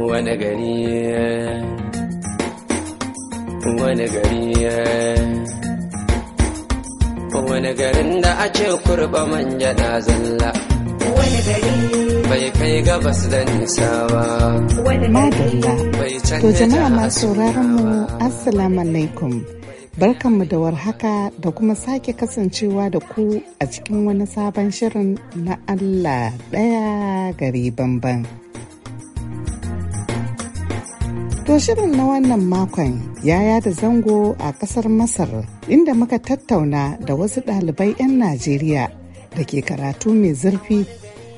wani gari wani gari wani garin da a ce kurba manja na zalla wani gari bai kai gabas da nisa ba wani gari bai madalla to jama'a masu mu assalamu alaikum barkanmu da warhaka da kuma sake kasancewa da ku a cikin wani sabon shirin na allah ɗaya gari bamban. To shirin na wannan makon ya yada zango a kasar Masar inda muka tattauna da wasu ɗalibai 'yan Najeriya da ke karatu mai zurfi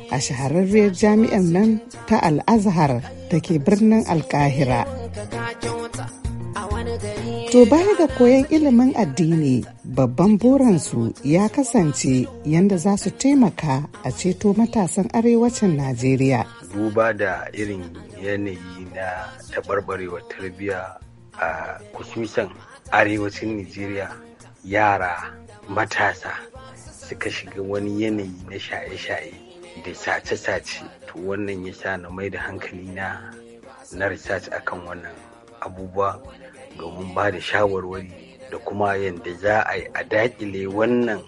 a shahararriyar jami'an nan ta Al-Azhar da ke birnin Alkahira. To baya ga koyon ilimin addini babban burinsu ya kasance yadda za su taimaka a ceto matasan arewacin Najeriya. Duba da irin yanayi na taɓarɓarewar tarbiyya a kususan arewacin Nijeriya yara matasa suka shiga wani yanayi na shaye-shaye da sace-sace to wannan ya sa na mai da hankali na na research akan wannan abubuwa domin ba da shawarwari da kuma yadda za a yi a daƙile wannan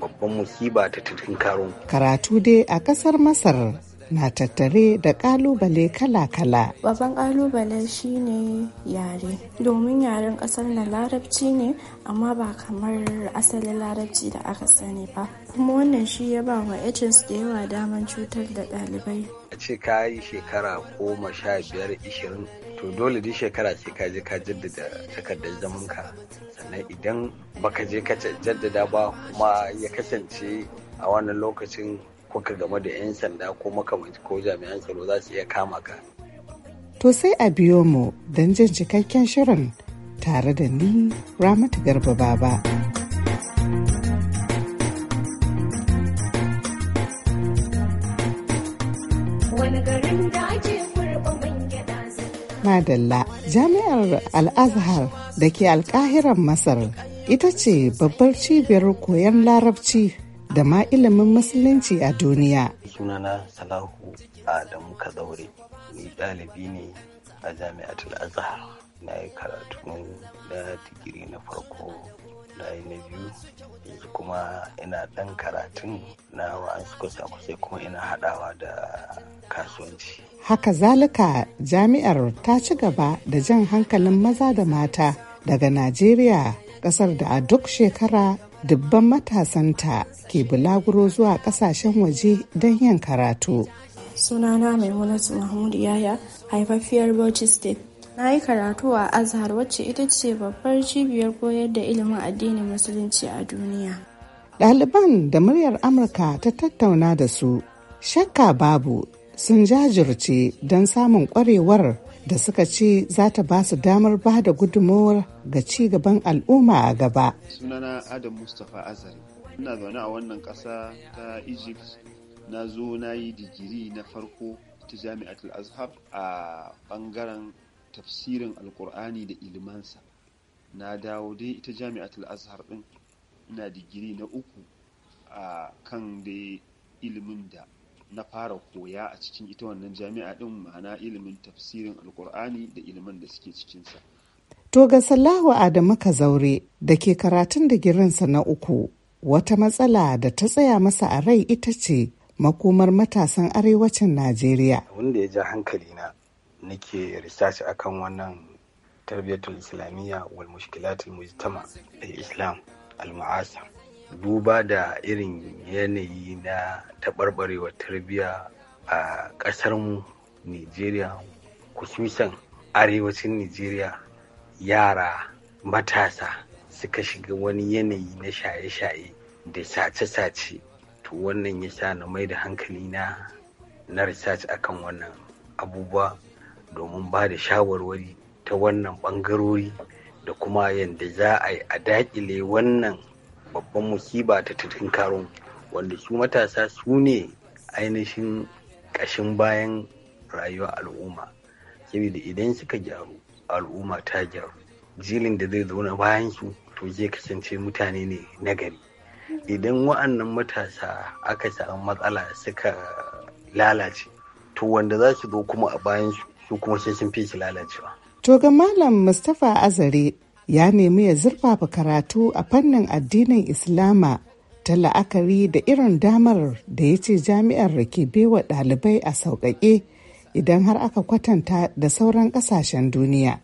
babban musiba ta tutun karo Karatu dai a ƙasar Masar na tattare da kalubale kala-kala. Babban kalubale shine yare, domin yaren kasar na larabci ne amma ba kamar asalin larabci da aka sani ba. Kuma wannan shi ya ba wa su da yawa daman cutar da ɗalibai. A ce ka yi shekara goma sha biyar ishirin to dole duk shekara ce ka je ka jaddada takardar zaman ka sannan idan baka je ka jaddada ba kuma ya kasance a wannan lokacin ko game da 'yan sanda ko makamanci ko jami'an tsaro za su iya kama ka. To sai a biyo mu don jin cikakken shirin tare da ni Ramatu Garba Baba. Wani Madalla Jami'ar Al-Azhar da ke alkahiran Masar ita ce babbar cibiyar koyon larabci da ma ilimin musulunci a duniya. Sunana Salahu Adamu Kazaure, ni ɗalibi ne a al Azhar. Na yi karatu na digiri na farko na yi na biyu yanzu kuma ina ɗan karatun na wa'ansu kusa-kusai kuma ina haɗawa da kasuwanci. Haka zalika jami'ar ta ci gaba da jan hankalin maza da mata daga Najeriya ƙasar da a duk shekara dubban matasanta ke bulaguro zuwa kasashen waje don yin karatu. Sunana Maimunatu Mahmud Yaya, haifafiyar Bauchi State. Na yi karatu a Azhar wacce ita ce babbar cibiyar koyar da ilimin addinin musulunci a duniya. Ɗaliban da muryar Amurka ta tattauna da su, shakka babu sun jajirce don samun ƙwarewar da suka ce za ta ba su damar ba da gudunmawar ga ci gaban al'umma a gaba. Sunana Adam Mustapha Azari. Ina zaune a wannan ƙasa ta Egypt na zo na yi digiri na farko ta Jami'atul Azhar a ɓangaren tafsirin Alƙur'ani da ilimansa. Na dawo dai ita Jami'atul Azhar ɗin ina digiri na uku a kan da ilimin da na fara koya a cikin ita wannan jami'a ɗin ma'ana ilimin tafsirin alkur'ani da ilimin da suke cikinsa. To ga Sallahu Adamu Kazaure da ke karatun digirinsa na uku wata matsala da ta tsaya masa a rai ita ce makomar matasan arewacin Najeriya. Wanda ya ja hankali na nake research akan wannan tarbiyatul islamiyya wal mushkilatul mujtama al islam al mu'asa duba da irin yanayi na taɓarɓarewar tarbiyya a ƙasarmu nigeria kususan arewacin nigeria yara matasa suka shiga wani yanayi na shaye-shaye da sace-sace to wannan ya sa na mai da hankali na na research akan wannan abubuwa domin ba da shawarwari ta wannan ɓangarori, da kuma yadda za a yi a daƙile wannan babban musiba ta tunkaro wanda su matasa su ne ainihin ƙashin bayan rayuwar al'umma saboda idan suka gyaru al'umma ta gyaru jilin da zai zauna bayan su to zai kasance mutane ne na gari, idan wa'annan matasa aka samu matsala suka lalace to wanda za su zo kuma a bayan su kuma sai sun fi shi lalacewa to ga malam mustapha azare ya nemi ya zurfafa karatu a fannin addinin Islama ta la'akari da irin damar da ya ce jami'ar da ke bewa ɗalibai a sauƙaƙe idan har aka kwatanta da sauran ƙasashen duniya.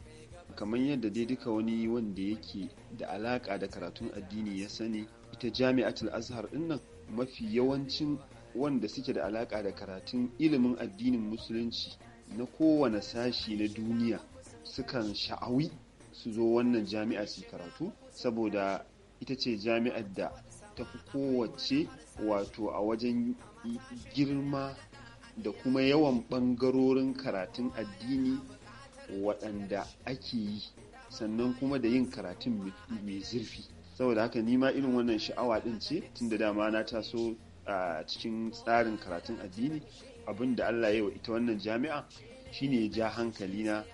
Kamar yadda dai duka wani wanda yake da alaƙa da karatun addini ya sani ita jami'atul azhar dinnan mafi yawancin wanda suke da alaƙa da karatun ilimin addinin musulunci na kowane sashi na duniya sukan sha'awi su zo wannan jami'a su karatu saboda ita ce jami'ar da ta fi kowace wato a wajen girma da kuma yawan ɓangarorin karatun addini waɗanda ake yi sannan kuma da yin karatun mai zurfi saboda haka nima irin wannan sha'awa ɗin ce tun da dama na taso a cikin tsarin karatun addini abin allah ya wa ita wannan jami'a shine ya ja hankali na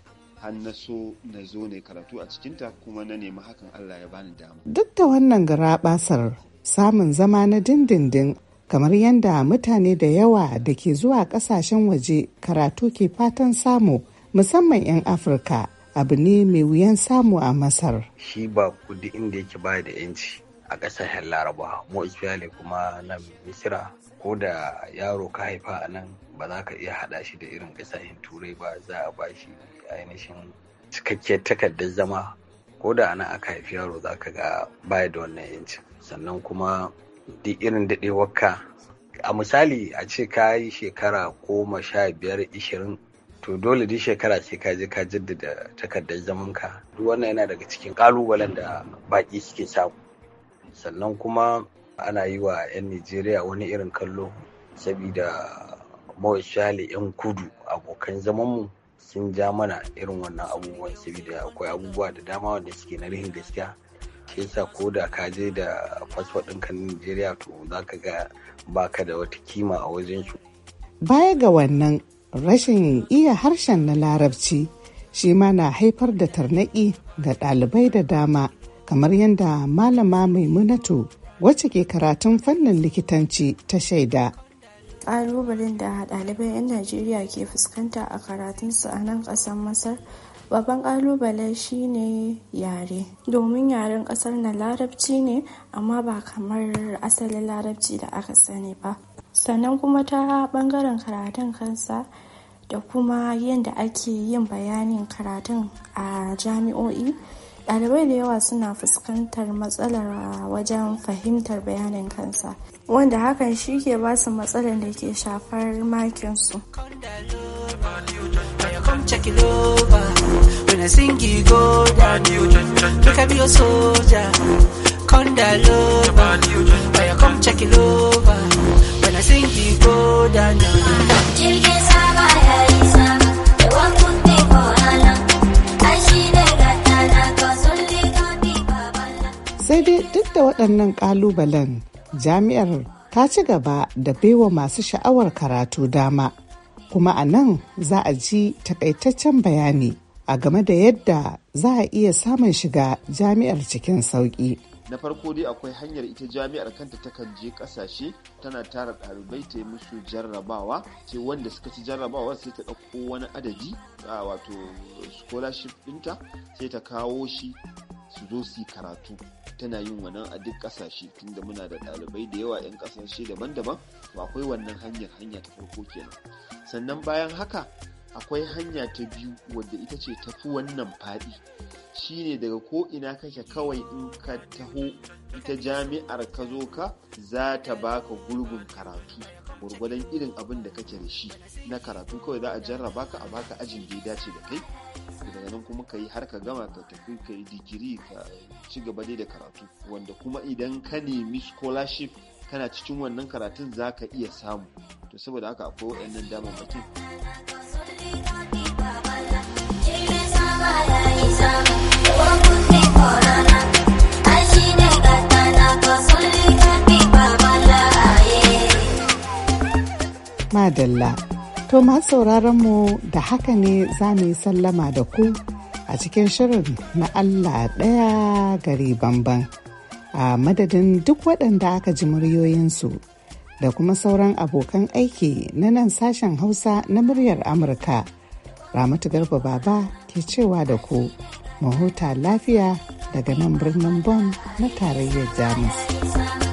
hannaso na zo ne karatu a cikinta kuma na nemi hakan Allah ya bani dama. Duk da wannan garaɓasar, samun zama na dindindin kamar yadda mutane da yawa da ke zuwa kasashen waje karatu ke fatan samu musamman 'yan Afirka abu ne mai wuyan samu a Masar. Shi ba kudi inda yake baya da 'yanci a ƙasashen Laraba, mu kuma na Misira ko da yaro ka haifa a nan ba za ka iya haɗa shi da irin ƙasashen turai ba za a ba shi ainihin cikakkiyar takardar zama ko da ana aka haifi yaro za ka ga baya da wannan yanci. sannan kuma duk irin daɗewarka a misali a ce ka yi shekara goma sha biyar ishirin to dole duk shekara sai ka je ka jaddada takardar zaman ka duk wannan yana daga cikin ƙalubalen da baƙi suke samu sannan kuma ana yi wa 'yan Nijeriya wani irin kallo sabida mawashali 'yan kudu abokan zamanmu sun ja mana irin wannan abubuwan sabida akwai abubuwa da dama wanda suke na rihin gaskiya shi yasa ko da ka je da fasfo ɗinka na Nijeriya to za ka ga ka da wata kima a wajen su. Baya ga wannan rashin iya harshen na larabci shi ma na haifar da tarnaƙi ga ɗalibai da dama kamar yadda malama maimunatu wacce ke karatun fannin likitanci ta shaida. Ƙalubalen da ɗalibai 'yan Najeriya ke fuskanta a karatunsu a nan ƙasar Masar babban shi ne yare domin yaren ƙasar na larabci ne amma ba kamar asalin larabci da aka sani ba sannan kuma ta ɓangaren karatun kansa da kuma yadda ake yin bayanin karatun a jami'o'i ɗalibai da yawa suna fuskantar matsalar wajen fahimtar bayanin kansa wanda hakan shi ke basu matsalar da ke shafar makinsu Condaloba, when I sing you go down. kada da waɗannan ƙalubalen, jami'ar ta ci gaba da baiwa masu sha'awar karatu dama, kuma a nan za a ji takaitaccen bayani a game da yadda za a iya samun shiga jami'ar cikin sauƙi. na farko dai akwai hanyar ita jami'ar kanta takan je kasashe tana tara ɗalibai ta yi musu jarrabawa sai wanda suka ci jarrabawa sai ta ɗauko wani adadi a wato scholarship ɗinta sai ta kawo shi su zo su yi karatu tana yin wannan a duk kasashe tunda muna da ɗalibai da yawa 'yan kasashe daban-daban to akwai wannan hanyar hanya ta farko kenan sannan bayan haka akwai hanya ta biyu wadda ita ce tafi wannan faɗi shine daga ko ina kake kawai in ka taho ita jami'ar ka zo ka za ta baka gurbin karatu gwargwadon irin abin da kake da shi na karatu kawai za a jarraba ka a baka ajin da ya dace da kai daga nan kuma ka yi har ka gama ka tafi ka yi digiri ka ci gaba dai da karatu wanda kuma idan ka nemi scholarship kana cikin wannan karatun za ka iya samu to saboda haka akwai waɗannan mutum madalla. To masu sauraron mu da haka ne za mu yi sallama da ku a cikin shirin na Allah ɗaya gari bamban. A madadin duk waɗanda aka ji muryoyinsu da kuma sauran abokan aiki na nan sashen Hausa na muryar Amurka. Ramatu Garba Baba ke cewa da ku mahuta lafiya daga nan birnin Bon na tarayyar Jamus.